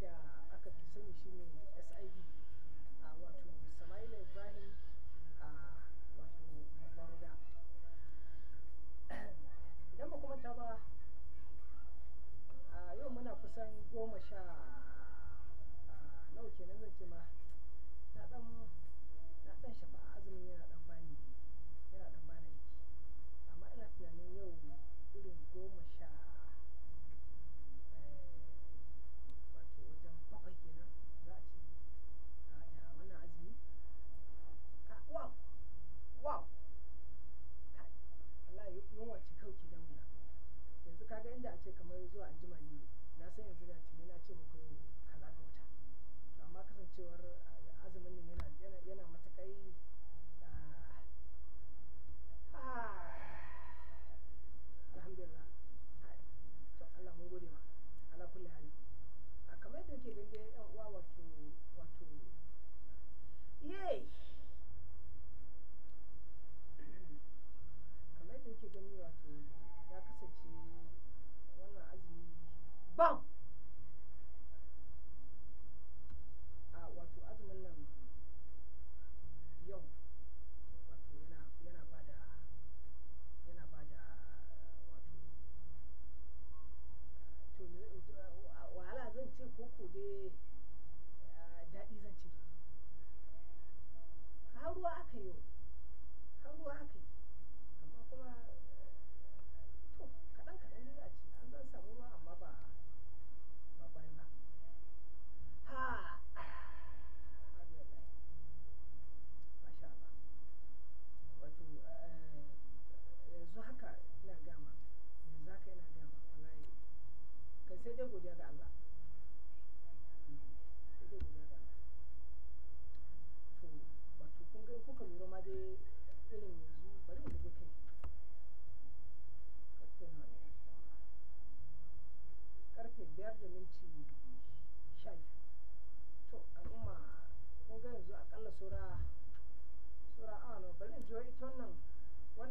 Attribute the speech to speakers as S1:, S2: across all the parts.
S1: da aka fi sani shine sid a wato Samaila Ibrahim a wato Baruda idan ba kuma ta ba a yau muna kusan goma sha nawa kenan zan ce ma na na dan shafa azumin yana dan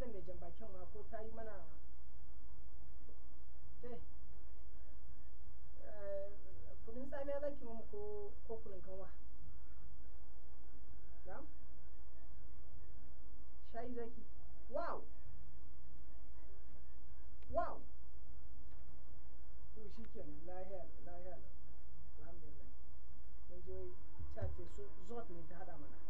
S1: wannan mai bakin ma ko ta yi mana kudin eh, kunun tsamiya za ki mamu ko kunun kanwa na shayi za ki wow wow to shi kenan lahiyar lahiyar mun je ne ta hada mana